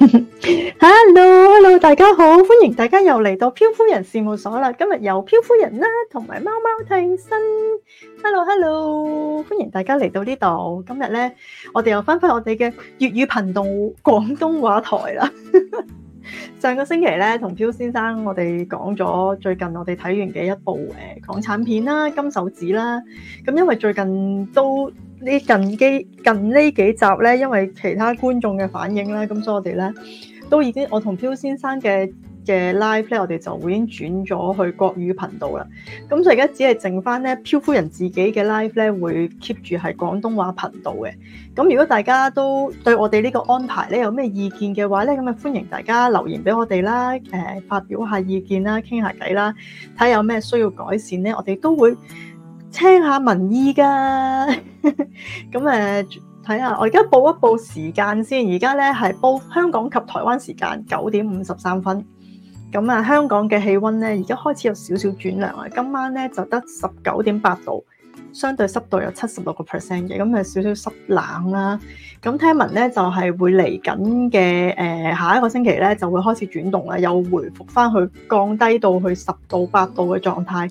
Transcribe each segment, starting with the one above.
Hello，Hello， hello, 大家好，歡迎大家又嚟到漂夫人事務所啦。今日由漂夫人啦、啊，同埋貓貓替身。Hello，Hello，hello, 歡迎大家嚟到呢度。今日咧，我哋又翻返我哋嘅粵語頻道廣東話台啦。 上個星期咧，同漂先生我哋講咗最近我哋睇完嘅一部誒、呃、港產片啦，《金手指》啦。咁、嗯、因為最近都。呢近幾近呢幾集咧，因為其他觀眾嘅反應啦，咁所以我哋咧都已經，我同漂先生嘅嘅 live 咧，我哋就會已經轉咗去國語頻道啦。咁所以而家只係剩返咧，漂夫人自己嘅 live 咧會 keep 住係廣東話頻道嘅。咁如果大家都對我哋呢個安排咧有咩意見嘅話咧，咁啊歡迎大家留言俾我哋啦，誒、呃、發表下意見啦，傾下偈啦，睇下有咩需要改善咧，我哋都會，聽下民意㗎，咁誒睇下，我而家報一報時間先，而家咧係報香港及台灣時間九點五十三分，咁啊香港嘅氣溫咧而家開始有少少轉涼呀，今晚咧就得十九點八度。相對濕度有七十六個 percent 嘅，咁誒少少濕冷啦。咁聽聞咧就係、是、會嚟緊嘅誒下一個星期咧就會開始轉動啦，又回覆翻去降低到去十度八度嘅狀態。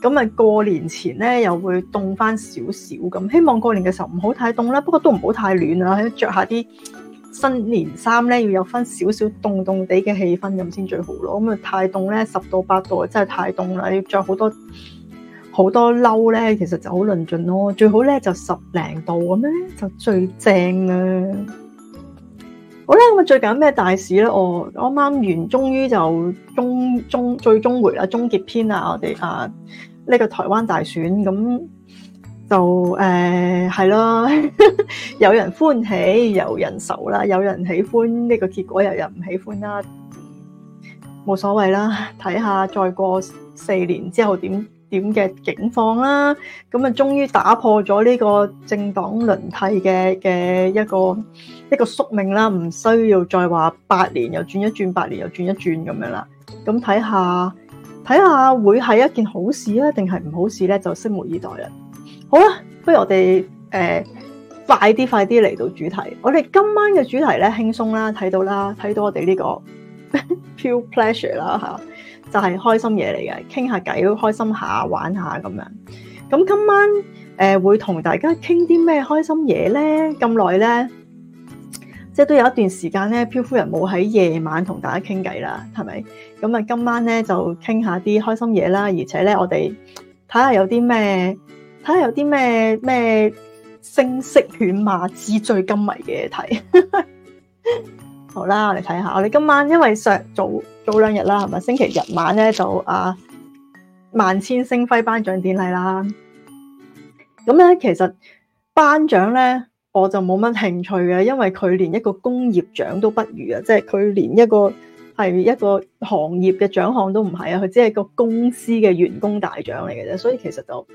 咁誒過年前咧又會凍翻少少咁，希望過年嘅時候唔好太凍啦。不過都唔好太暖啦，着下啲新年衫咧要有翻少少凍凍地嘅氣氛咁先最好咯。咁誒太凍咧十度八度真係太凍啦，要着好多。好多嬲咧，其實就好論盡咯。最好咧就十零度咁咧，就最正啦。好啦，咁啊，最近有咩大事咧、哦？我啱啱完，終於就終終最終回啦，終結篇啦。我哋啊，呢、這個台灣大選咁就誒，係、呃、咯，對 有人歡喜，有人愁啦，有人喜歡呢、這個結果，有人唔喜歡啦。冇所謂啦，睇下再過四年之後點。點嘅境況啦，咁啊，終於打破咗呢個政黨輪替嘅嘅一個一個宿命啦，唔需要再話八年又轉一轉，八年又轉一轉咁樣啦。咁睇下睇下會係一件好事啊，定係唔好事咧？就拭目以待啦。好啦，不如我哋誒、呃、快啲快啲嚟到主題。我哋今晚嘅主題咧，輕鬆啦，睇到啦，睇到我哋呢、這個 Pure Pleasure 啦嚇。就係、是、開心嘢嚟嘅，傾下偈，開心下，玩下咁樣。咁今晚誒、呃、會同大家傾啲咩開心嘢咧？咁耐咧，即係都有一段時間咧，漂夫人冇喺夜晚同大家傾偈啦，係咪？咁啊，今晚咧就傾下啲開心嘢啦，而且咧我哋睇下有啲咩，睇下有啲咩咩聲色犬馬紙醉金迷嘅嘢睇。 好啦，我哋睇下。我哋今晚因為上早早兩日啦，係咪星期日晚咧就啊萬千星輝頒獎典禮啦。咁咧其實頒獎咧我就冇乜興趣嘅，因為佢連一個工業獎都不如啊，即係佢連一個係一個行業嘅獎項都唔係啊，佢只係一個公司嘅員工大獎嚟嘅啫，所以其實就。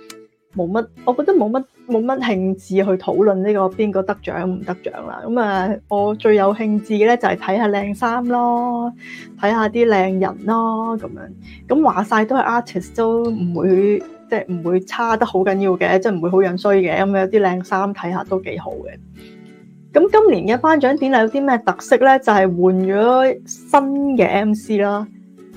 冇乜，我覺得冇乜冇乜興致去討論呢個邊個得獎唔得獎啦。咁啊，我最有興致嘅咧就係睇下靚衫咯，睇下啲靚人咯咁樣。咁話晒都係 artist 都唔會即係唔會差得好緊要嘅，即係唔會好樣衰嘅。咁有啲靚衫睇下都幾好嘅。咁今年嘅頒獎典禮有啲咩特色咧？就係換咗新嘅 MC 啦。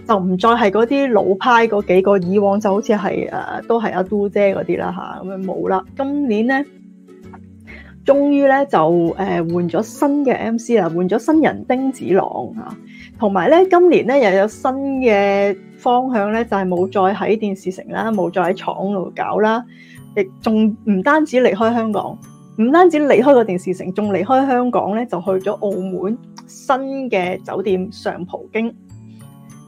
就唔再係嗰啲老派嗰幾個，以往就好似係誒都係阿嘟姐嗰啲啦嚇，咁樣冇啦。今年咧，終於咧就誒換咗新嘅 MC 啦，換咗新人丁子朗嚇，同埋咧今年咧又有新嘅方向咧，就係冇再喺電視城啦，冇再喺廠度搞啦，亦仲唔單止離開香港，唔單止離開個電視城，仲離開香港咧就去咗澳門新嘅酒店上葡京。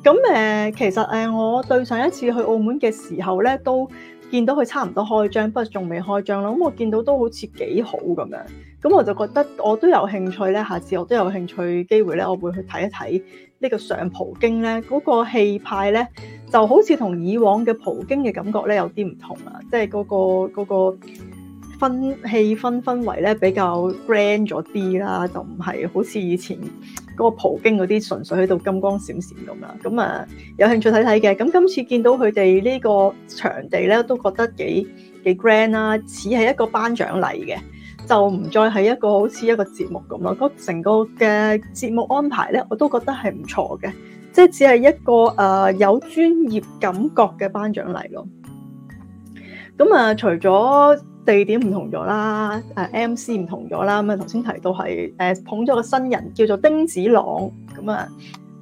咁誒、呃，其實誒，我對上一次去澳門嘅時候咧，都見到佢差唔多開張，不過仲未開張啦。咁我見到都好似幾好咁樣，咁我就覺得我都有興趣咧，下次我都有興趣機會咧，我會去睇一睇呢個上葡京咧，嗰、嗰個氣派咧，就好似同以往嘅葡京嘅感覺咧有啲唔同啊，即係嗰、嗰個氛氣、嗰個、氛氛圍咧比較 grand 咗啲啦，就唔係好似以前。嗰、那個葡京嗰啲純粹喺度金光閃閃咁啦，咁啊有興趣睇睇嘅。咁今次見到佢哋呢個場地咧，都覺得幾幾 grand 啊，似係一個頒獎禮嘅，就唔再係一個好似一個節目咁咯。嗰成個嘅節目安排咧，我都覺得係唔錯嘅，即係只係一個誒、呃、有專業感覺嘅頒獎禮咯。咁啊，除咗地點唔同咗啦，誒 MC 唔同咗啦，咁啊頭先提到係誒捧咗個新人叫做丁子朗，咁啊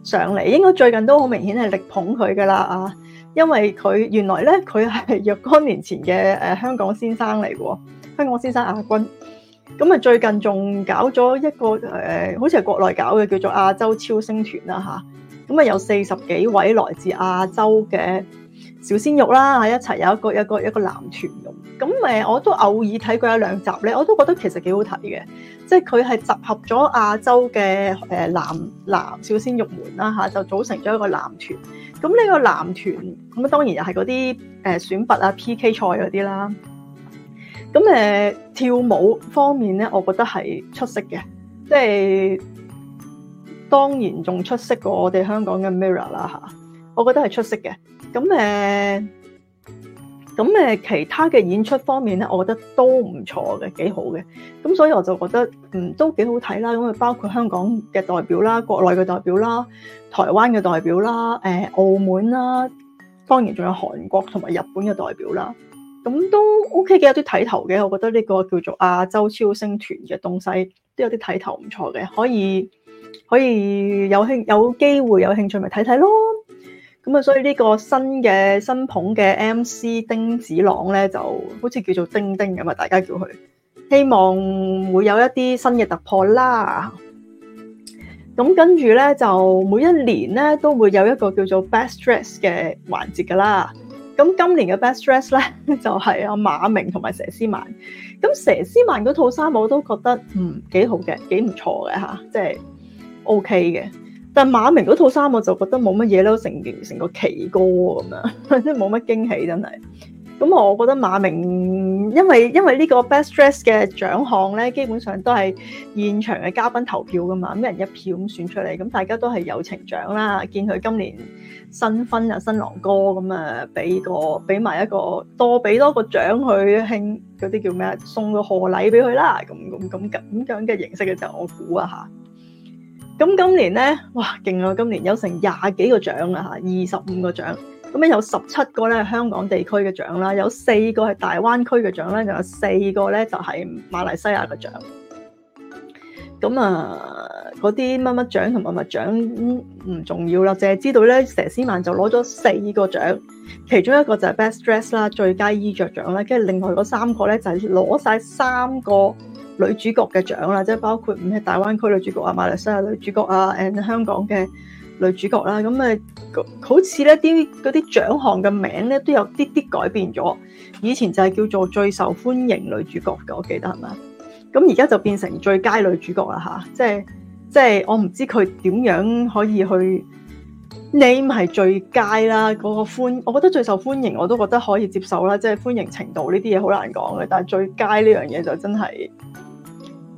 上嚟，應該最近都好明顯係力捧佢㗎喇啊，因為佢原來咧佢係若干年前嘅誒香港先生嚟嘅喎，香港先生亞軍，咁啊最近仲搞咗一個誒，好似係國內搞嘅叫做亞洲超星團啦吓，咁啊有四十幾位來自亞洲嘅。小鮮肉啦，嚇，一齊有一個有一個一個男團咁咁誒，我都偶爾睇過一兩集咧，我都覺得其實幾好睇嘅，即係佢係集合咗亞洲嘅誒男男小鮮肉們啦嚇，就組成咗一個男團。咁呢個男團咁啊，咁當然又係嗰啲誒選拔啊、P. K. 賽嗰啲啦。咁誒跳舞方面咧，我覺得係出色嘅，即係當然仲出色過我哋香港嘅 Mirror 啦嚇，我覺得係出色嘅。咁誒，咁誒其他嘅演出方面咧，我覺得都唔錯嘅，幾好嘅。咁所以我就覺得，嗯，都幾好睇啦。咁啊，包括香港嘅代表啦、國內嘅代表啦、台灣嘅代表啦、誒、呃、澳門啦，當然仲有韓國同埋日本嘅代表啦。咁都 OK 嘅。有啲睇頭嘅。我覺得呢個叫做亞洲超星團嘅東西，都有啲睇頭，唔錯嘅。可以可以有興有機會有興趣咪睇睇咯。咁啊，所以呢個新嘅新捧嘅 MC 丁子朗咧，就好似叫做丁丁咁啊，大家叫佢。希望會有一啲新嘅突破啦。咁跟住咧，就每一年咧都會有一個叫做 Best Dress 嘅環節噶啦。咁今年嘅 Best Dress 咧就係、是、阿、啊、馬明同埋佘詩曼。咁佘詩曼嗰套衫我都覺得嗯幾好嘅，幾唔錯嘅嚇、啊，即係 OK 嘅。但馬明嗰套衫我就覺得冇乜嘢啦，成成個奇哥咁樣，即係冇乜驚喜真係。咁我覺得馬明，因為因為呢個 Best Dress 嘅獎項咧，基本上都係現場嘅嘉賓投票㗎嘛，咁一人一票咁選出嚟，咁大家都係友情獎啦。見佢今年新婚啊，新郎哥咁啊，俾個俾埋一個，給一個多俾多個獎佢，慶嗰啲叫咩？送個賀禮俾佢啦，咁咁咁咁樣嘅形式嘅就我估啊吓。咁今年咧，哇勁啊！今年有成廿幾個獎啦嚇，二十五個獎。咁咧有十七個咧係香港地區嘅獎啦，有四個係大灣區嘅獎咧，仲有四個咧就係馬來西亞嘅獎。咁啊，嗰啲乜乜獎同乜乜獎唔重要啦，淨係知道咧佘詩曼就攞咗四個獎，其中一個就係 Best Dress 啦，最佳衣着獎啦，跟住另外嗰三個咧就係攞晒三個女主角嘅獎啦，即係包括唔係大灣區女主角啊、馬來西亞女主角啊、誒香港嘅女主角啦，咁誒好似咧啲嗰啲獎項嘅名咧都有啲啲改變咗。以前就係叫做最受歡迎女主角嘅，我記得係咪？咁而家就變成最佳女主角啦嚇，即係即係我唔知佢點樣可以去。你唔係最佳啦，嗰、嗰個歡，我覺得最受歡迎我都覺得可以接受啦，即係歡迎程度呢啲嘢好難講嘅，但係最佳呢樣嘢就真係。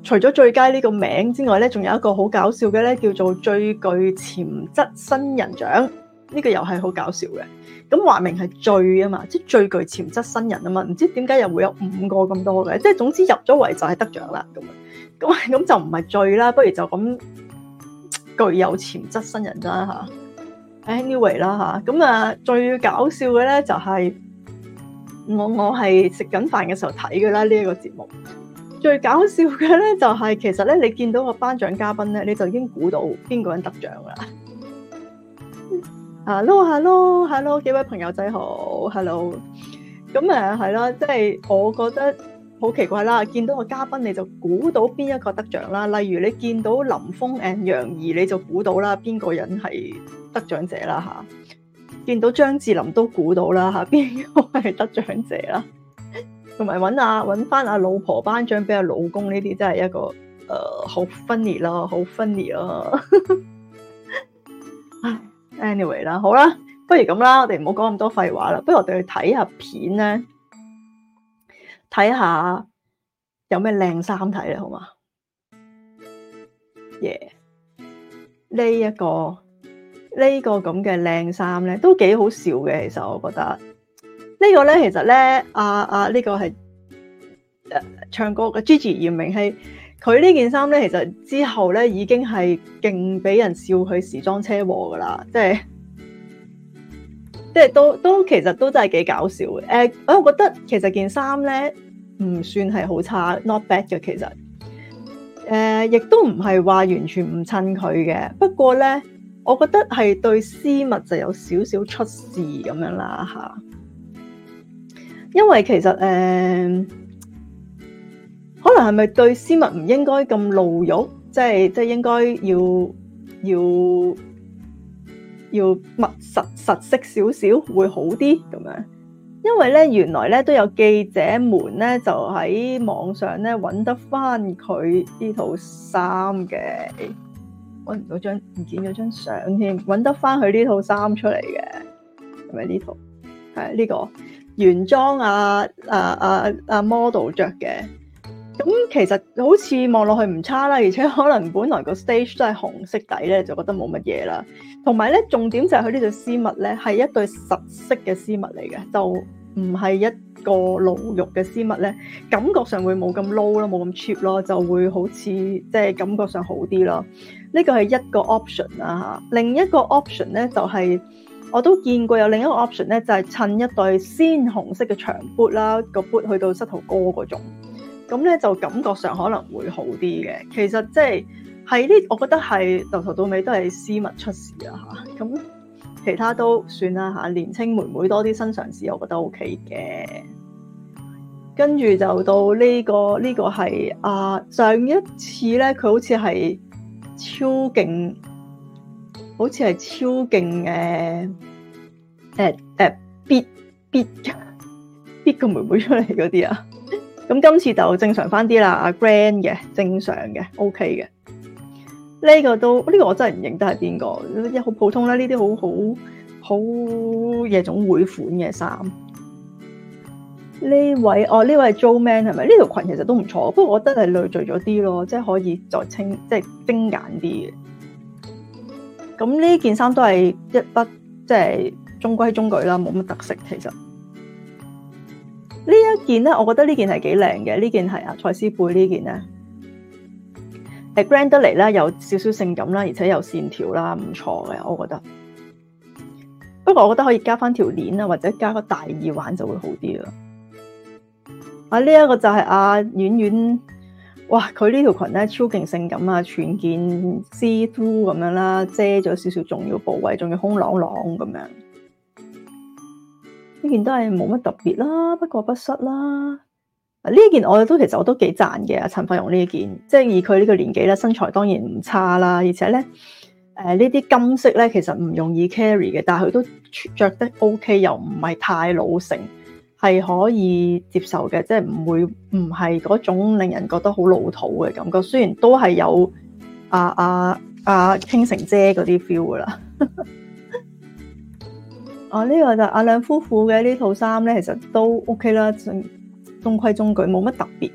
除咗最佳呢個名之外咧，仲有一個好搞笑嘅咧，叫做最具潛質新人獎，呢個又係好搞笑嘅。咁話明係最啊嘛，即係最具潛質新人啊嘛，唔知點解又會有五個咁多嘅，即係總之入咗圍就係得獎啦咁。咁咁就唔係最啦，不如就咁具有潛質新人啦吓。Anyway 啦吓，咁啊最搞笑嘅咧就係我我係食緊飯嘅時候睇嘅啦呢一個節目。最搞笑嘅咧，就係、是、其實咧，你見到個頒獎嘉賓咧，你就已經估到邊個人得獎噶啦！hello hello, hello hello，幾位朋友仔好，hello，咁啊，係啦，即係我覺得好奇怪啦，見到個嘉賓你就估到邊一個得獎啦？例如你見到林峰 and 楊怡，你就估到啦，邊個人係得獎者啦？吓，見到張智霖都估到啦，吓，邊個係得獎者啦？同埋揾阿揾翻阿老婆頒獎俾阿老公呢啲，真係一個誒、呃、好 funny 咯，好 funny 咯。 Anyway 啦，好啦，不如咁啦，我哋唔好講咁多廢話啦，不如我哋去睇下片咧，睇下有咩靚衫睇啦，好嗎？耶、yeah. 呢個！呢、呢、一個呢個咁嘅靚衫咧，都幾好笑嘅，其實我覺得。這個、呢個咧，其實咧，啊，阿、啊、呢、這個係誒、呃、唱歌嘅 Gigi 炎明熹係佢呢件衫咧，其實之後咧已經係勁俾人笑佢時裝車禍噶啦，即係即係都都其實都真係幾搞笑嘅。誒、呃，我覺得其實件衫咧唔算係好差，not bad 嘅。其實誒，亦都唔係話完全唔襯佢嘅。不過咧，我覺得係對絲襪就有少少出事咁樣啦，吓、啊。因為其實誒、呃，可能係咪對絲襪唔應該咁露肉，即係即係應該要要要密實實色少少會好啲咁樣。因為咧，原來咧都有記者們咧，就喺網上咧揾得翻佢呢套衫嘅，揾唔到張唔見咗張相添，揾得翻佢呢套衫出嚟嘅，係咪呢套？係呢、這個。原裝啊啊啊啊 model 着嘅，咁其實好似望落去唔差啦，而且可能本來個 stage 都係紅色底咧，就覺得冇乜嘢啦。同埋咧，重點就係佢呢對絲襪咧，係一對實色嘅絲襪嚟嘅，就唔係一個老肉嘅絲襪咧，感覺上會冇咁 low 咯，冇咁 cheap 咯，就會好似即係感覺上好啲咯。呢個係一個 option 啦，嚇，另一個 option 咧就係。我都見過有另一個 option 咧，就係、是、襯一對鮮紅色嘅長 boot 啦，個 boot 去到膝頭哥嗰種，咁咧就感覺上可能會好啲嘅。其實即係係呢，我覺得係由頭到尾都係絲襪出事啊吓，咁其他都算啦吓、啊，年青妹妹多啲新嘗試，我覺得 OK 嘅。跟住就到呢、這個呢、這個係啊，上一次咧佢好似係超勁。好似係超勁嘅，誒誒，必必必個妹妹出嚟嗰啲啊！咁 今次就正常翻啲啦，阿 Grand 嘅，正常嘅，OK 嘅。呢個都呢個我真係唔認得係邊個，好普通啦。呢啲好好好夜總會款嘅衫。呢位哦，呢位係 Joe Man 係咪？呢條裙其實都唔錯，不過我覺得係累贅咗啲咯，即係可以再清，即係精簡啲嘅。咁呢件衫都係一筆，即係中規中矩啦，冇乜特色其實。呢一件咧，我覺得呢件係幾靚嘅，呢件係阿蔡思貝呢件咧，係 grand 得嚟啦，有少少性感啦，而且有線條啦，唔錯嘅，我覺得。不過我覺得可以加翻條鏈啊，或者加個大耳環就會好啲咯。啊，呢一個就係阿婉婉。遠遠哇！佢呢條裙咧，超勁性感啊，全件 see through 咁樣啦，遮咗少少重要部位，仲要空朗朗咁樣。呢件都係冇乜特別啦，不過不失啦。呢件我哋都其實我都幾讚嘅啊，陳法蓉呢件，即係以佢呢個年紀咧，身材當然唔差啦，而且咧，誒呢啲、呃、金色咧，其實唔容易 carry 嘅，但係佢都着得 OK，又唔係太老成。係可以接受嘅，即係唔會唔係嗰種令人覺得好老土嘅感覺。雖然都係有啊啊啊傾城姐嗰啲 feel 㗎喇。啊，呢、啊 啊呢個就是阿亮夫婦嘅呢套衫呢，其實都 OK 啦，中中規中矩，冇乜特別。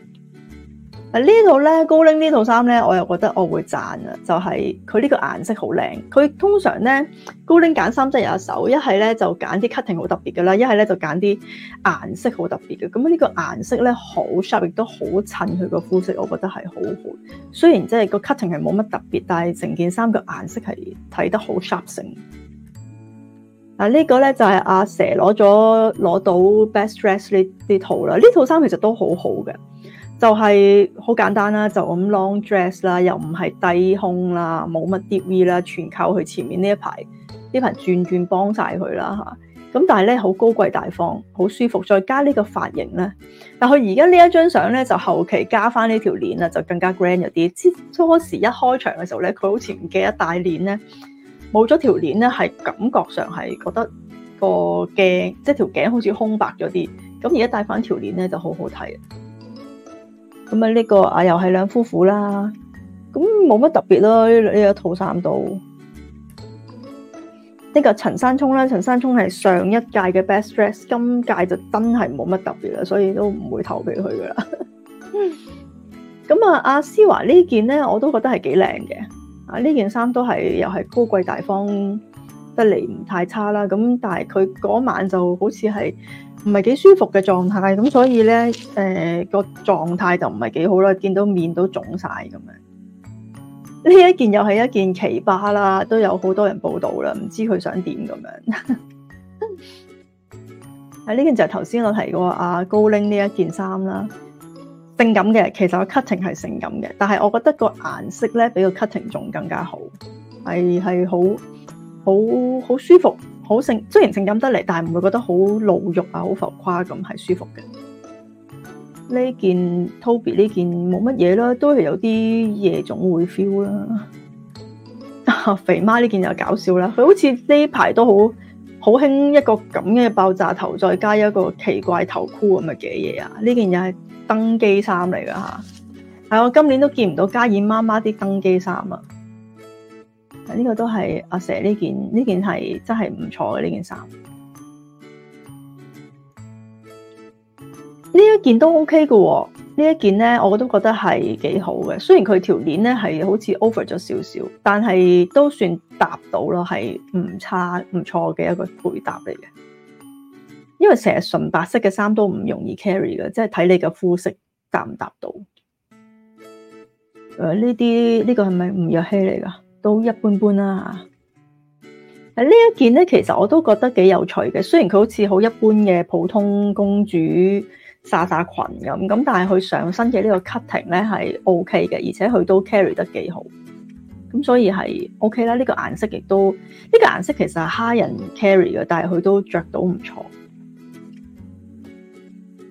喺呢套咧高 Ling 呢套衫咧，我又覺得我會讚啊！就係佢呢個顏色好靚，佢通常咧高 Ling 揀衫真有一手，一係咧就揀啲 cutting 好特別嘅啦，一係咧就揀啲顏色好特別嘅。咁呢個顏色咧好 sharp，亦都好襯佢個膚色，我覺得係好好。雖然即係個 cutting 係冇乜特別，但係成件衫嘅顏色係睇得好 sharp 性。啊，呢個咧就係、是、阿蛇攞咗攞到 best dress 呢呢套啦，呢套衫其實都好好嘅。就係、是、好簡單啦，就咁 long dress 啦，又唔係低胸啦，冇乜 DV 啦，全靠佢前面呢一排呢排轉轉幫晒佢啦吓。咁但係咧好高貴大方，好舒服，再加呢個髮型咧。但佢而家呢一張相咧就後期加翻呢條鏈啦，就更加 grand 咗啲。之初時一開場嘅時候咧，佢好似唔記得戴鏈咧，冇咗條鏈咧，係感覺上係覺得個鏡即係條頸好似空白咗啲。咁而家戴翻條鏈咧就好好睇。咁啊，呢個啊又係兩夫婦啦，咁冇乜特別咯，呢呢一套衫都，呢、呢個陳山聰啦，陳山聰係上一屆嘅 best dress，今屆就真係冇乜特別啦，所以都唔會投俾佢噶啦。咁 啊，阿施嬅呢件咧，我都覺得係幾靚嘅，啊呢件衫都係又係高貴大方，得嚟唔太差啦，咁但係佢嗰晚就好似係唔係幾舒服嘅狀態，咁所以咧，誒、呃、個狀態就唔係幾好啦，見到面都腫晒咁樣。呢一件又係一件奇葩啦，都有好多人報道啦，唔知佢想點咁樣。這樣 啊，呢件就係頭先我提過阿、啊、高拎呢一件衫啦，性感嘅，其實個 cutting 係性感嘅，但係我覺得個顏色咧比個 cutting 仲更加好，係係好。好好舒服，好性，雖然性感得嚟，但係唔會覺得好露肉啊，好浮誇咁，係舒服嘅。呢件 Toby 呢件冇乜嘢啦，都係有啲夜總會 feel 啦。啊、肥媽呢件又搞笑啦，佢好似呢排都好好興一個咁嘅爆炸頭，再加一個奇怪頭箍咁嘅嘢啊。呢件又係登基衫嚟㗎吓，係我今年都見唔到家燕媽媽啲登基衫啊。呢、這個都係阿佘，呢件呢件係真係唔錯嘅呢件衫，呢一件都 OK 嘅、哦。這呢一件咧，我都覺得係幾好嘅。雖然佢條鏈咧係好似 over 咗少少，但係都算搭到咯，係唔差唔錯嘅一個配搭嚟嘅。因為成日純白色嘅衫都唔容易 carry 嘅，即係睇你嘅膚色搭唔搭到。誒、呃，呢啲呢個係咪吳若希嚟噶都一般般啦，啊、嚇，呢一件咧，其實我都覺得幾有趣嘅。雖然佢好似好一般嘅普通公主紗紗裙咁，咁但係佢上身嘅呢個 cutting 咧係 O K 嘅，而且佢都 carry 得幾好。咁所以係 O K 啦。呢、這個顏色亦都呢、這個顏色其實係黑人 carry 嘅，但係佢都着到唔錯。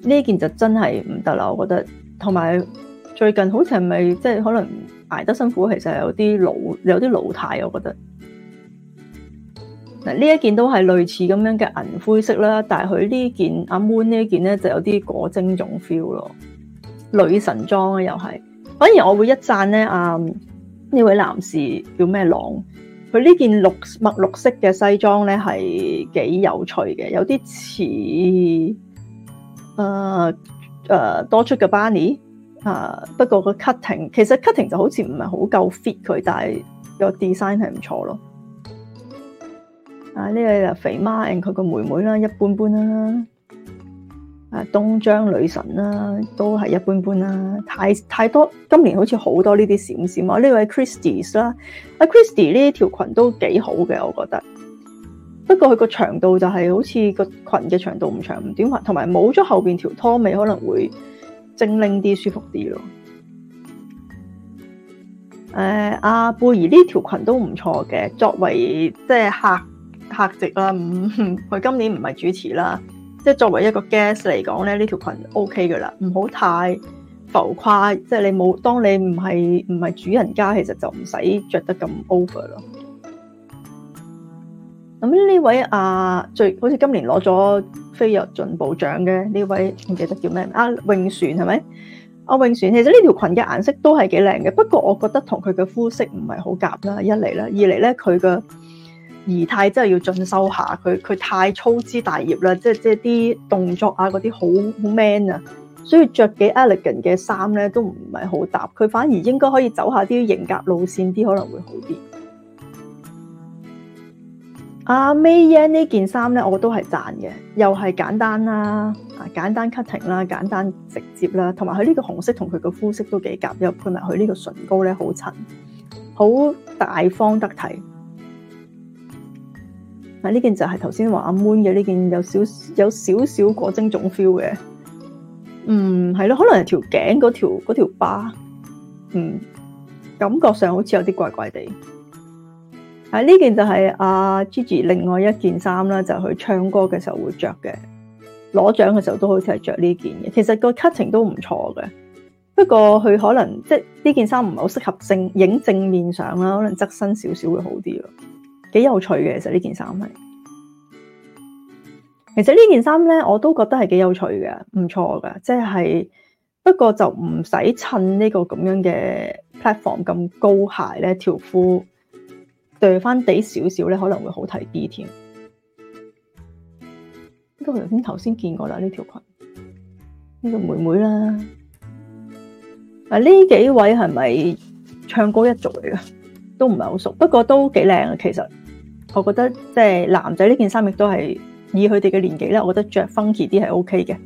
呢件就真係唔得啦，我覺得。同埋最近好似係咪即係可能？賣得辛苦，其實有啲老有啲老態，我覺得。嗱，呢一件都係類似咁樣嘅銀灰色啦，但係佢呢件阿 Moon 呢件咧就有啲果精種 feel 咯，女神裝啊又係。反而我會一贊咧，阿、嗯、呢位男士叫咩朗，佢呢件綠墨綠色嘅西裝咧係幾有趣嘅，有啲似，誒誒 Dolce Gabbana 啊！不過個 cutting 其實 cutting 就好似唔係好夠 fit 佢，但係個 design 係唔錯咯。啊！呢位肥媽 and 佢個妹妹啦，一般般啦、啊。啊！東張女神啦、啊，都係一般般啦、啊。太太多今年好似好多呢啲閃閃啊！呢位、啊啊、Christie 啦，阿 Christie 呢條裙都幾好嘅，我覺得。不過佢個長度就係、係、好似個裙嘅長度唔長唔短，同埋冇咗後邊條拖尾可能會，精靈啲舒服啲咯，誒、uh, 阿、啊、貝兒呢條裙都唔錯嘅，作為即係客客席啦、啊，唔、嗯、佢今年唔係主持啦，即係作為一個 guest 嚟講咧，呢條裙 OK 噶啦，唔好太浮誇，即係你冇當你唔係唔係主人家，其實就唔使着得咁 over 咯。咁呢位阿、啊、最好似今年攞咗。飛躍進步獎嘅呢位唔記得叫咩？阿、啊、穎鏇係咪？阿、啊、穎鏇其實呢條裙嘅顏色都係幾靚嘅，不過我覺得同佢嘅膚色唔係好夾啦。一嚟啦，二嚟咧佢嘅儀態真係要進修下，佢佢太粗枝大葉啦，即係即係啲動作啊嗰啲好好 man 啊，所以着幾 elegant 嘅衫咧都唔係好搭，佢反而應該可以走下啲型格路線，啲可能會好啲。阿 May Yan 呢件衫咧，我覺得都係讚嘅。又係簡單啦，簡單 cutting 啦，簡單直接啦，同埋佢呢個紅色同佢個膚色都幾夾，又配埋佢呢個唇膏咧，好襯，好大方得體。啊！呢件就係頭先話阿 Moon 嘅呢件有少，有少有少少裹蒸粽 feel 嘅，嗯，係咯，可能係條頸嗰條嗰條疤，嗯，感覺上好似有啲怪怪地。啊！呢件就係阿、啊、Gigi 另外一件衫啦，就佢、係、唱歌嘅時候會着嘅，攞獎嘅時候都好似係着呢件嘅。其實個 cutting 都唔錯嘅，不過佢可能即係呢件衫唔係好適合正影正面相啦，可能側身少少會好啲咯。幾有趣嘅，其實呢件衫係。其實這件衣服呢件衫咧，我都覺得係幾有趣嘅，唔錯嘅。即、就、係、係、不過就唔使襯呢個咁樣嘅 platform 咁高鞋咧條褲。掉翻低少少咧，可能會好睇啲添。呢個頭先頭先見過啦，呢條裙，呢、呢個妹妹啦。啊，呢幾位係咪唱歌一族嚟噶？都唔係好熟，不過都幾靚啊。其實我覺得，即、就、係、是、男仔呢件衫亦都係以佢哋嘅年紀咧，我覺得着 funky 啲係 OK 嘅，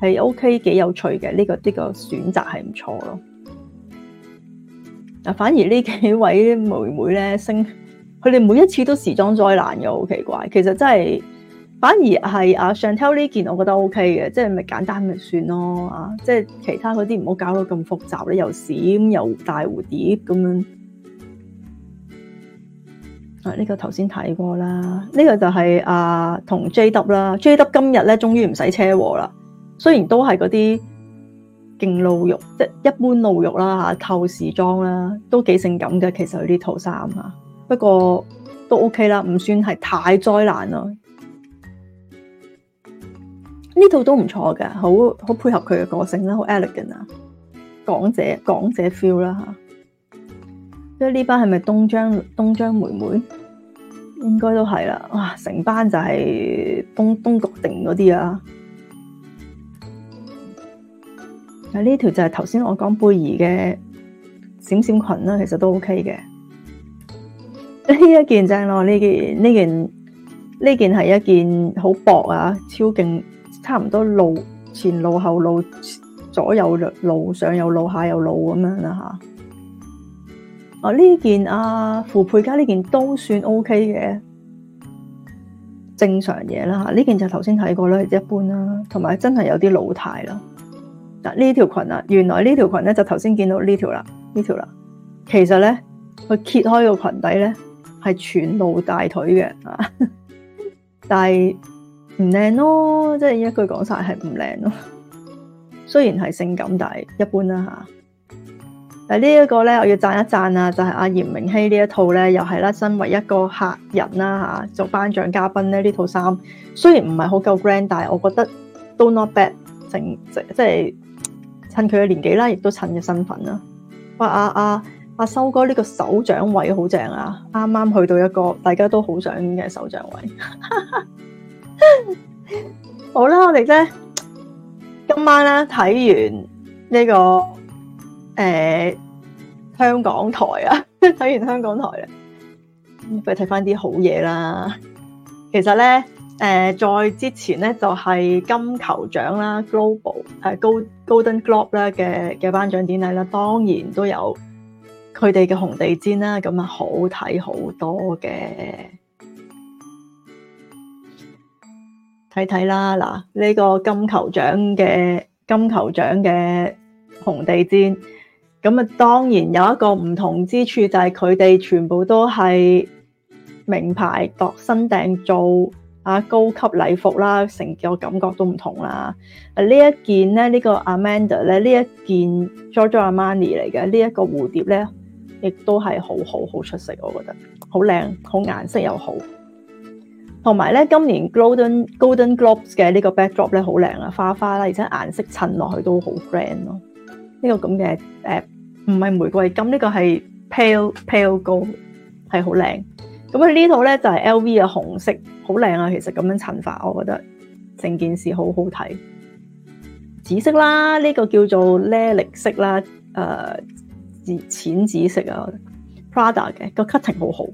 係 OK 幾有趣嘅。呢、呢個呢、呢個選擇係唔錯咯。啊，反而呢幾位妹妹咧，升。佢哋每一次都時裝災難嘅，好奇怪。其實真係反而係啊，Chantel 呢件我覺得 OK 嘅，即係咪簡單咪算咯啊！即係其他嗰啲唔好搞到咁複雜咧，又閃又大蝴蝶咁樣啊。呢個頭先睇過啦，呢個就係啊同 JW 啦 JW 今日咧終於唔使車禍啦。雖然都係嗰啲勁露肉，即係一般露肉啦嚇，透時裝啦，都幾性感嘅。其實佢呢套衫啊～不過都 OK 啦，唔算係太災難咯。呢套都唔錯嘅，好好配合佢嘅個性啦，好 elegant 啊，港姐港姐 feel 啦吓。即係呢班係咪東張東張妹妹？應該都係啦。哇，成班就係東東國定嗰啲啊。啊，呢條就係頭先我講貝兒嘅閃閃裙啦，其實都 OK 嘅。呢 一件正咯，呢件呢件呢件係一件好薄啊，超勁，差唔多露，前露後露，左右露上，上又露下，下又露咁樣啦吓。哦，呢件啊，傅佩嘉呢件都算 OK 嘅，正常嘢啦吓。呢、啊、件就頭先睇過啦，一般啦，同埋真係有啲老態啦。嗱、啊，呢條裙啊，原來這條裙呢條裙咧就頭先見到呢條啦，呢條啦，其實咧佢揭開個裙底咧。係全露大腿嘅、啊，但係唔靚咯，即係一句講晒係唔靚咯。雖然係性感，但係一般啦吓。誒、啊，呢一個咧，我要讚一讚啊，就係阿炎明熹呢一套咧，又係啦，身為一個客人啦吓、啊，做頒獎嘉賓咧，呢套衫雖然唔係好夠 grand，但係我覺得都 not bad，成即係趁佢嘅年紀啦，亦都趁嘅身份啦。哇啊啊！啊阿修哥呢個手掌位好正啊，啱啱去到一個大家都好想嘅手掌位。 好啦，我哋咧今晚咧睇完呢、這個誒、呃、香港台啊，睇完香港台啊，快睇翻啲好嘢啦。其實咧誒、呃，再之前咧就係、是、金球獎啦，Global 誒高 Golden Globe 啦嘅嘅頒獎典禮啦，當然都有。佢哋嘅紅地氈啦，咁啊好睇好多嘅，睇睇啦。嗱，呢個金球獎嘅金球獎嘅紅地氈，咁啊當然有一個唔同之處就係佢哋全部都係名牌度身訂造啊，高級禮服啦，成個感覺都唔同啦。啊，呢一件咧，呢、呢個 Amanda 咧，呢一件 Giorgio Armani 嚟嘅，呢、呢、一個蝴蝶咧。亦都係好好好出色，我覺得好靚，好顏色又好。同埋咧，今年 Golden Golden Globes 嘅呢個 Backdrop 咧好靚啊，花花啦、啊，而且顏色襯落去都好 friend 咯、啊。呢、這個咁嘅誒，唔、呃、係玫瑰金，呢、這個係 Pale Pale Gold，係好靚。咁啊，呢套咧就係、是、LV 嘅紅色，好靚啊。其實咁樣襯法，我覺得成件事很好好睇。紫色啦，呢、這個叫做叻力色啦，誒、呃。淺紫色啊，Prada 嘅個 cutting 好好，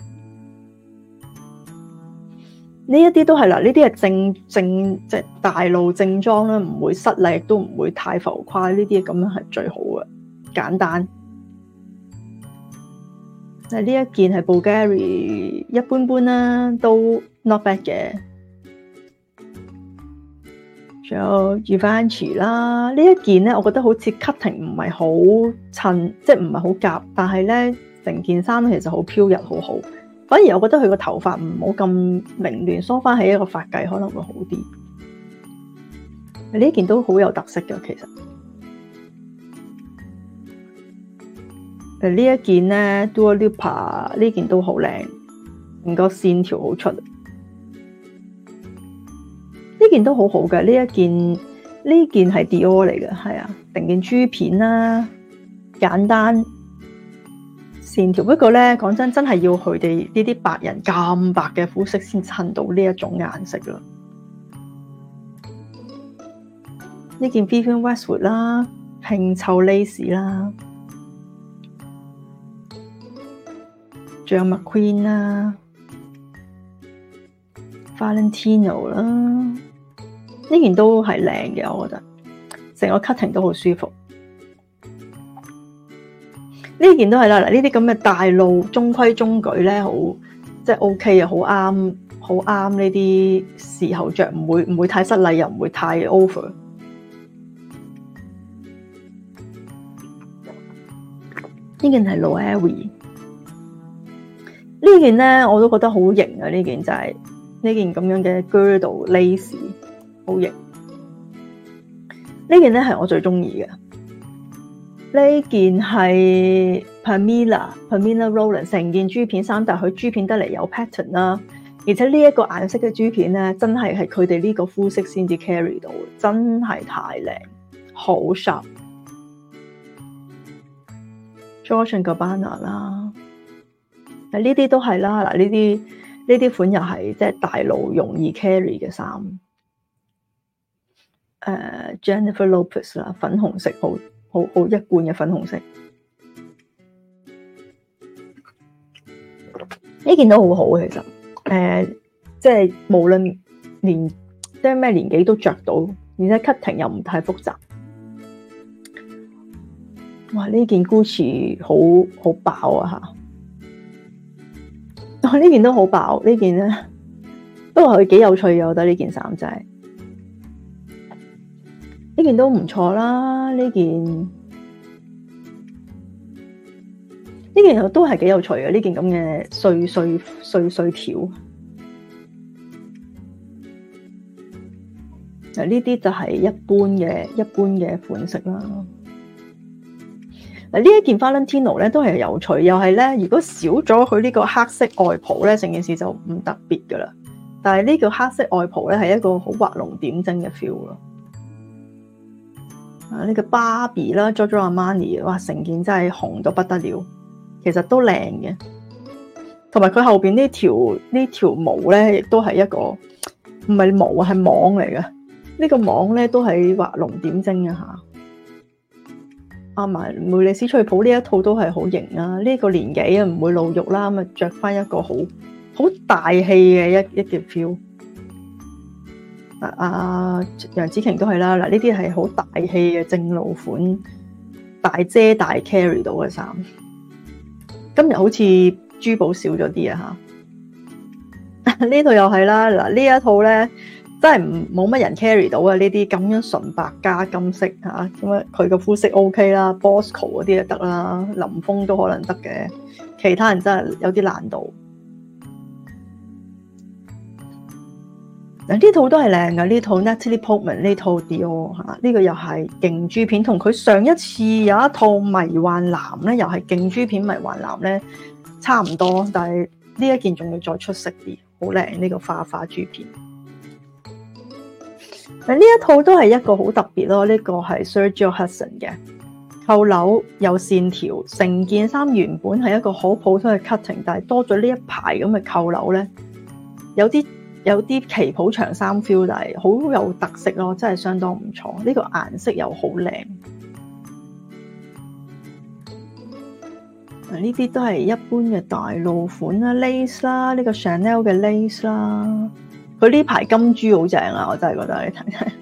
呢一啲都係啦，呢啲係正正即係、就是、大路正裝啦，唔會失禮，亦都唔會太浮誇，呢啲咁樣係最好嘅，簡單。嗱呢一件係 Bulgari，一般般啦，都 not bad 嘅。仲有 Revenge 啦，呢一件咧，我覺得好似 cutting 唔係好襯，即係唔係好夾。但係咧，成件衫其實好飄逸，好好。反而我覺得佢個頭髮唔好咁凌亂，梳翻起一個髮髻可能會好啲。呢件都好有特色嘅，其實。誒呢一件咧，Dua Lipa，呢件都好靚，個線條好出。這件都好好嘅，呢一件呢件係 Dior 嚟嘅，係啊，定件珠片啦，簡單線條。不過呢，講真，真係要佢哋呢啲白人咁白嘅膚色先襯到呢一種顏色咯。呢件 Vivienne Westwood 啦，拼湊 lace 啦，仲有 McQueen 啦，Valentino 啦。呢件都係靚嘅，我覺得成個 cutting 都好舒服。呢件都係啦，呢啲咁嘅大路中規中矩咧，好即係 OK 啊，好啱好啱呢啲時候著，唔會唔會太失禮，又唔會太 over。這件是這件呢件係 Loewe。呢件咧我都覺得好型啊！呢件就係、是、呢件咁樣嘅 girdle lace。好型！呢件咧係我最中意嘅，呢件係 Pamela Pamela Roland 成件珠片衫，但係佢珠片得嚟有 pattern 啦，而且呢一個顏色嘅珠片咧，真係係佢哋呢個膚色先至 carry 到，真係太靚，好 sharp。George and Gabbana 啦，誒呢啲都係啦，嗱呢啲呢啲款又係即係大路容易 carry 嘅衫。誒、uh，Jennifer Lopez 啦，粉紅色，好好好一貫嘅粉紅色。呢 件都好好，其實，誒、uh，即係無論年即係咩年紀都着到，而且 cutting 又唔太複雜。哇，呢件 Gucci 好好爆啊吓！呢、哦、件都好爆，這件呢件咧，不過佢幾有趣啊，我覺得呢件衫真係。呢件都唔錯啦，呢件呢件都係幾有趣嘅，呢件咁嘅碎碎碎碎條。嗱，呢啲就係一般嘅一般嘅款式啦。嗱，呢一件 Valentino 咧都係有趣，又係咧，如果少咗佢呢個黑色外袍咧，成件事就唔特別噶啦。但係呢個黑色外袍咧係一個好畫龍點睛嘅 feel 咯。啊！呢個芭比啦，Giorgio Armani，哇！成件真係紅到不得了，其實都靚嘅。同埋佢後邊呢條呢條毛咧，亦都係一個唔係毛係網嚟嘅。呢、這個網咧都係畫龍點睛嘅嚇。阿、啊、曼梅麗史翠普呢一套都係好型啊！呢、這個年紀啊唔會露肉啦，咁啊著翻一個好好大氣嘅一一件褸。啊，阿楊紫瓊都係啦，嗱呢啲係好大氣嘅正路款，大遮大 carry 到嘅衫。今日好似珠寶少咗啲啊，嚇！呢套又係啦，嗱呢一套咧真係唔冇乜人 carry 到啊！呢啲咁樣純白加金色吓，咁啊佢個膚色 OK 啦，Bosco 嗰啲就得啦，林峰都可能得嘅，其他人真係有啲難度。嗱，呢套都係靚噶，呢套 Natalie Portman 呢套 Dior，呢個又係勁珠片，同佢上一次有一套迷幻藍咧，又係勁珠片迷幻藍咧，差唔多，但係呢一件仲要再出色啲，好靚呢個花花珠片。嗱，呢一套都係一個好特別咯，呢、呢個係 Sergio Hudson 嘅扣紐有線條，成件衫原本係一個好普通嘅 cutting，但係多咗呢一排咁嘅扣紐咧，有啲。有啲旗袍長衫 feel，但係好有特色咯，真係相當唔錯。呢個顏色又好靚。嗱、啊，呢啲都係一般嘅大路款啦，lace 啦，呢個 Chanel 嘅 lace 啦。佢呢排金珠好正啊，我真係覺得你睇睇。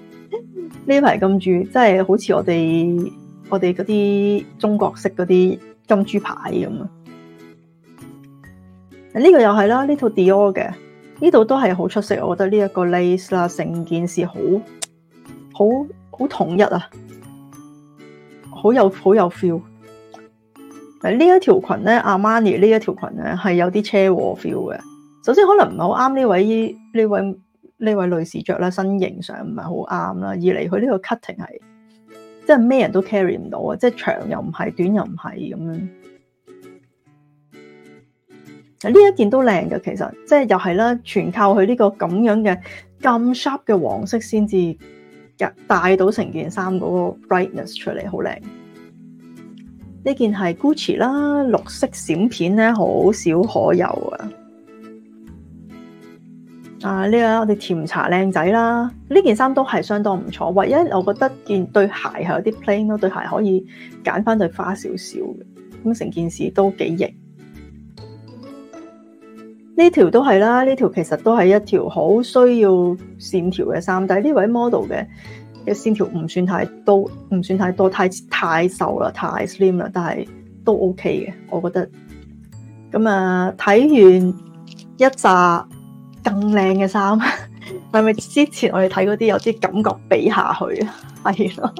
呢排金珠真係好似我哋我哋嗰啲中國式嗰啲金珠牌咁啊。呢個又係啦，呢套 Dior 嘅。呢度都係好出色，我覺得呢一個 lace 啦，成件事好好好統一啊，好有好有 feel。誒呢一條裙咧，阿瑪尼這條呢一條裙咧係有啲車禍 feel 嘅。首先可能唔係好啱呢位呢位呢位，呢位女士着啦，身形上唔係好啱啦。二嚟佢呢個 cutting 係即係咩人都 carry 唔到啊，即係長又唔係，短又唔係咁樣。呢一件都靚嘅，其實即係又係啦，全靠佢呢個咁樣嘅咁 sharp 嘅黃色先至入帶到成件衫嗰個 brightness 出嚟，好靚。呢件係 Gucci 啦，綠色閃片咧好少可有啊！啊呢個我哋甜茶靚仔啦，呢件衫都係相當唔錯，唯一我覺得件對鞋係有啲 plain 咯，對鞋可以揀翻對花少少嘅，咁成件事都幾型。呢條都係啦，呢條其實都係一條好需要線條嘅衫。但係呢位 model 嘅嘅線條唔算太多，唔算太多太太瘦啦，太 slim 啦，但係都 OK 嘅，我覺得。咁啊，睇完一紮更靚嘅衫，係 咪之前我哋睇嗰啲有啲感覺比下去啊？係咯。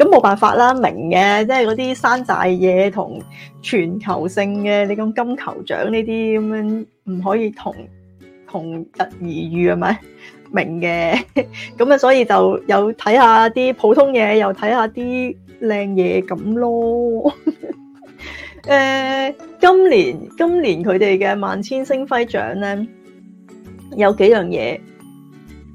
咁冇辦法啦，明嘅，即係嗰啲山寨嘢同全球性嘅你講金球獎呢啲咁樣唔可以同同日而遇係咪？明嘅，咁啊， 所以就有睇下啲普通嘢，又睇下啲靚嘢咁咯、 呃。今年今年佢哋嘅萬千星輝獎咧，有幾樣嘢，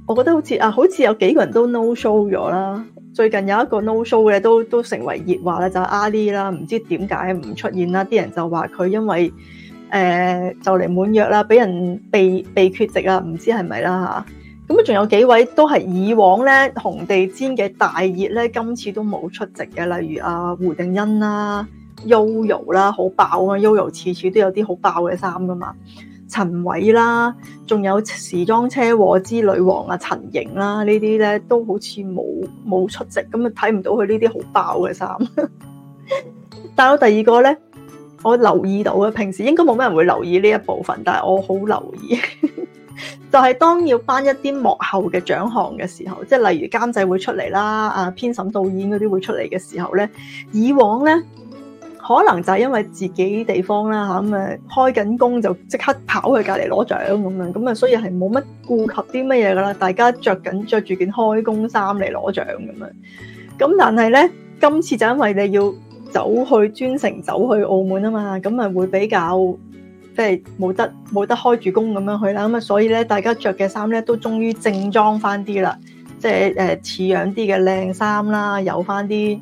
我覺得好似啊，好似有幾個人都 no show 咗啦。最近有一個 no show 咧，都都成為熱話咧，就係、是、阿 Lee 啦，唔知點解唔出現啦，啲人就話佢因為誒就嚟滿約啦，俾人被被缺席啊，唔知係咪啦嚇。咁啊，仲有幾位都係以往咧紅地氈嘅大熱咧，今次都冇出席嘅，例如阿、啊、胡定欣啦、Yoyo 啦，好爆啊！Yoyo 次次都有啲好爆嘅衫㗎嘛。陳偉啦，仲有時裝車禍之女王啊，陳瑩啦，這些呢啲咧都好似冇冇出席，咁啊睇唔到佢呢啲好爆嘅衫。 但係我第二個咧，我留意到啊，平時應該冇咩人會留意呢一部分，但係我好留意， 就係當要頒一啲幕後嘅獎項嘅時候，即係例如監製會出嚟啦，啊編審導演嗰啲會出嚟嘅時候咧，以往咧。可能就係因為自己地方啦，嚇，咁啊，開緊工就即刻跑去隔離攞獎咁樣，咁啊所以係冇乜顧及啲乜嘢噶啦。大家着緊着住件開工衫嚟攞獎咁啊。咁但係咧，今次就因為你要走去專程走去澳門啊嘛，咁啊會比較即係冇得冇得開住工咁樣去啦。咁啊所以咧，大家着嘅衫咧都終於正裝翻啲啦，即係誒、呃、似樣啲嘅靚衫啦，有翻啲。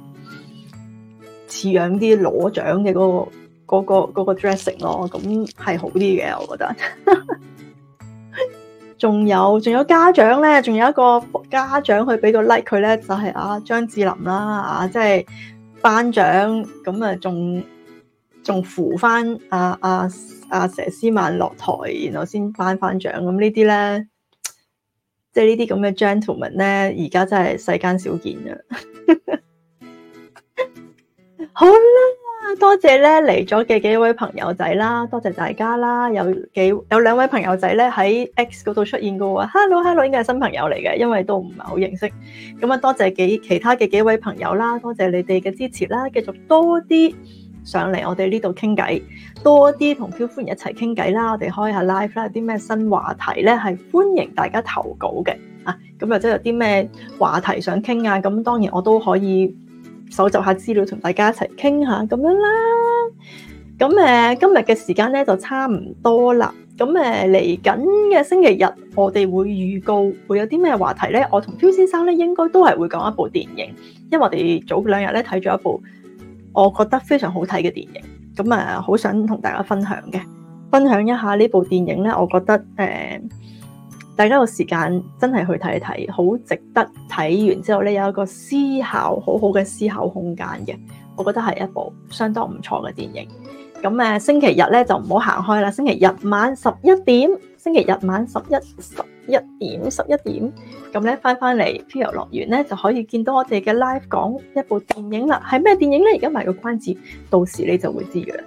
似樣啲攞獎嘅嗰個嗰個嗰個 dressing 咯，咁係好啲嘅我覺得。仲 有仲有家長咧，仲有一個家長去俾個 like 佢咧，就係啊張智霖啦啊，即係頒獎咁啊，仲仲扶翻阿啊啊佘詩曼落台，然後先頒翻獎咁呢啲咧，即係呢啲咁嘅 gentleman 咧，而家真係世間少見啊！ 好啦，多謝咧嚟咗嘅幾位朋友仔啦，多謝大家啦。有幾有兩位朋友仔咧喺 X 嗰度出現噶喎，Hello Hello，應該係新朋友嚟嘅，因為都唔係好認識。咁啊，多謝幾其他嘅幾位朋友啦，多謝你哋嘅支持啦，繼續多啲上嚟我哋呢度傾偈，多啲同漂夫人一齊傾偈啦。我哋開下 live 啦，有啲咩新話題咧係歡迎大家投稿嘅啊。咁又即係有啲咩話題想傾啊？咁當然我都可以。搜集下資料，同大家一齊傾下咁樣啦。咁誒、啊，今日嘅時間咧就差唔多啦。咁誒，嚟緊嘅星期日，我哋會預告會有啲咩話題咧。我同 Phil 先生咧應該都係會講一部電影，因為我哋早兩日咧睇咗一部，我覺得非常好睇嘅電影。咁啊，好想同大家分享嘅，分享一下呢部電影咧。我覺得誒。呃大家有時間真係去睇一睇，好值得睇完之後咧有一個思考好好嘅思考空間嘅，我覺得係一部相當唔錯嘅電影。咁星期日呢就唔好行開啦。星期日晚十一點，星期日晚十一十一點十一點，咁咧返返嚟飄遊樂園咧就可以見到我哋嘅 live 講一部電影啦。係咩電影呢？而家賣個關子，到時你就會知啦。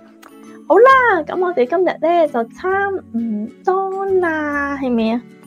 好啦，咁我哋今日呢就差唔多啦，係咪？